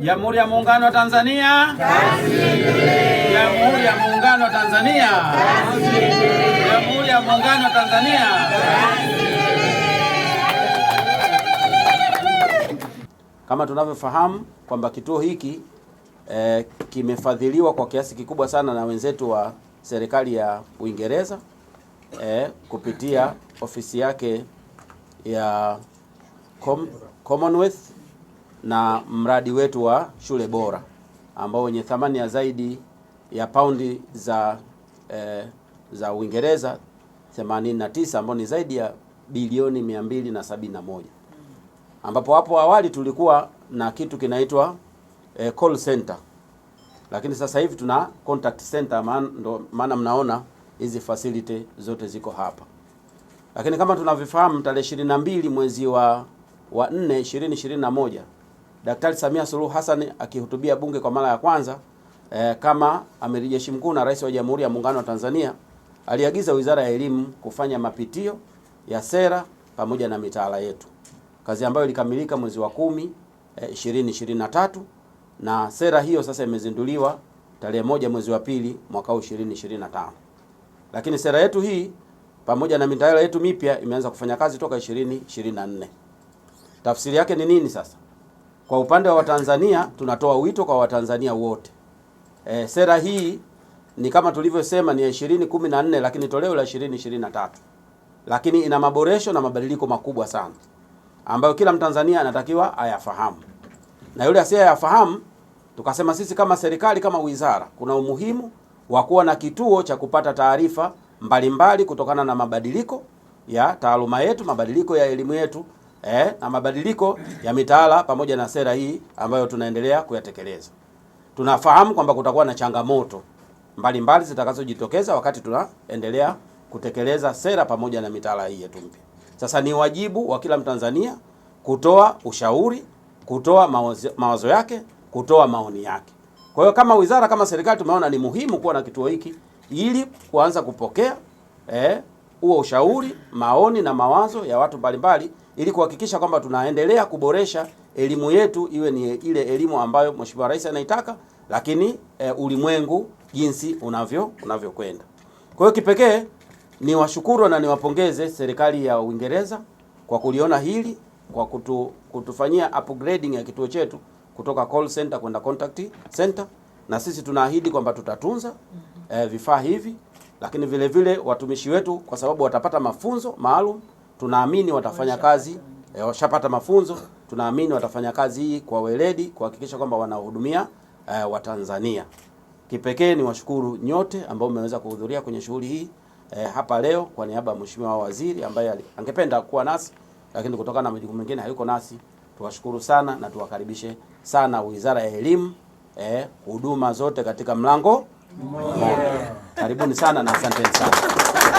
Jamhuri ya Muungano wa Tanzania. Jamhuri ya Muungano wa Tanzania. Jamhuri ya Muungano wa Tanzania. Kama tunavyofahamu kwamba kituo hiki eh, kimefadhiliwa kwa kiasi kikubwa sana na wenzetu wa serikali ya Uingereza eh, kupitia ofisi yake ya Com Commonwealth na mradi wetu wa shule bora ambao wenye thamani ya zaidi ya paundi za e, za Uingereza 89 ambao ni zaidi ya bilioni 271, ambapo hapo awali tulikuwa na kitu kinaitwa e, call center, lakini sasa hivi tuna contact center, ndo maana mnaona hizi facility zote ziko hapa. Lakini kama tunavyofahamu, tarehe 22 mwezi wa wa 4 2021 Daktari Samia Suluhu Hassan akihutubia bunge kwa mara ya kwanza eh, kama amiri jeshi mkuu na rais wa Jamhuri ya Muungano wa Tanzania aliagiza Wizara ya Elimu kufanya mapitio ya sera pamoja na mitaala yetu, kazi ambayo ilikamilika mwezi wa kumi eh, 2023 na sera hiyo sasa imezinduliwa tarehe moja mwezi wa pili mwaka 2025. Lakini sera yetu hii pamoja na mitaala yetu mipya imeanza kufanya kazi toka 2024. Tafsiri yake ni nini sasa? Kwa upande wa Watanzania tunatoa wito kwa Watanzania wote e, sera hii ni kama tulivyosema ni ya 2014 lakini toleo la 2023 lakini ina maboresho na mabadiliko makubwa sana ambayo kila Mtanzania anatakiwa ayafahamu, na yule ayafahamu, tukasema sisi kama serikali, kama wizara, kuna umuhimu wa kuwa na kituo cha kupata taarifa mbalimbali kutokana na mabadiliko ya taaluma yetu, mabadiliko ya elimu yetu eh, na mabadiliko ya mitaala pamoja na sera hii ambayo tunaendelea kuyatekeleza. Tunafahamu kwamba kutakuwa na changamoto mbalimbali zitakazojitokeza wakati tunaendelea kutekeleza sera pamoja na mitaala hii yetu mpya. Sasa ni wajibu wa kila Mtanzania kutoa ushauri, kutoa mawazo, mawazo yake, kutoa maoni yake. Kwa hiyo kama wizara, kama serikali tumeona ni muhimu kuwa na kituo hiki ili kuanza kupokea eh, huo ushauri, maoni na mawazo ya watu mbalimbali ili kuhakikisha kwamba tunaendelea kuboresha elimu yetu iwe ni ile elimu ambayo Mheshimiwa Rais anaitaka, lakini e, ulimwengu jinsi unavyo unavyokwenda. Kwa hiyo kipekee ni washukuru na niwapongeze serikali ya Uingereza kwa kuliona hili kwa kutu, kutufanyia upgrading ya kituo chetu kutoka call center kwenda contact center, na sisi tunaahidi kwamba tutatunza e, vifaa hivi lakini vile vile watumishi wetu kwa sababu watapata mafunzo maalum, tunaamini watafanya kazi e, washapata mafunzo, tunaamini watafanya kazi hii kwa weledi kuhakikisha kwamba wanahudumia e, Watanzania. Kipekee ni washukuru nyote ambao mmeweza kuhudhuria kwenye shughuli hii e, hapa leo kwa niaba ya Mheshimiwa Waziri ambaye angependa kuwa nasi lakini kutokana na majukumu mengine hayuko nasi. Tuwashukuru sana na tuwakaribishe sana Wizara ya Elimu, huduma eh, zote katika mlango mmoja. Karibuni sana na asanteni sana.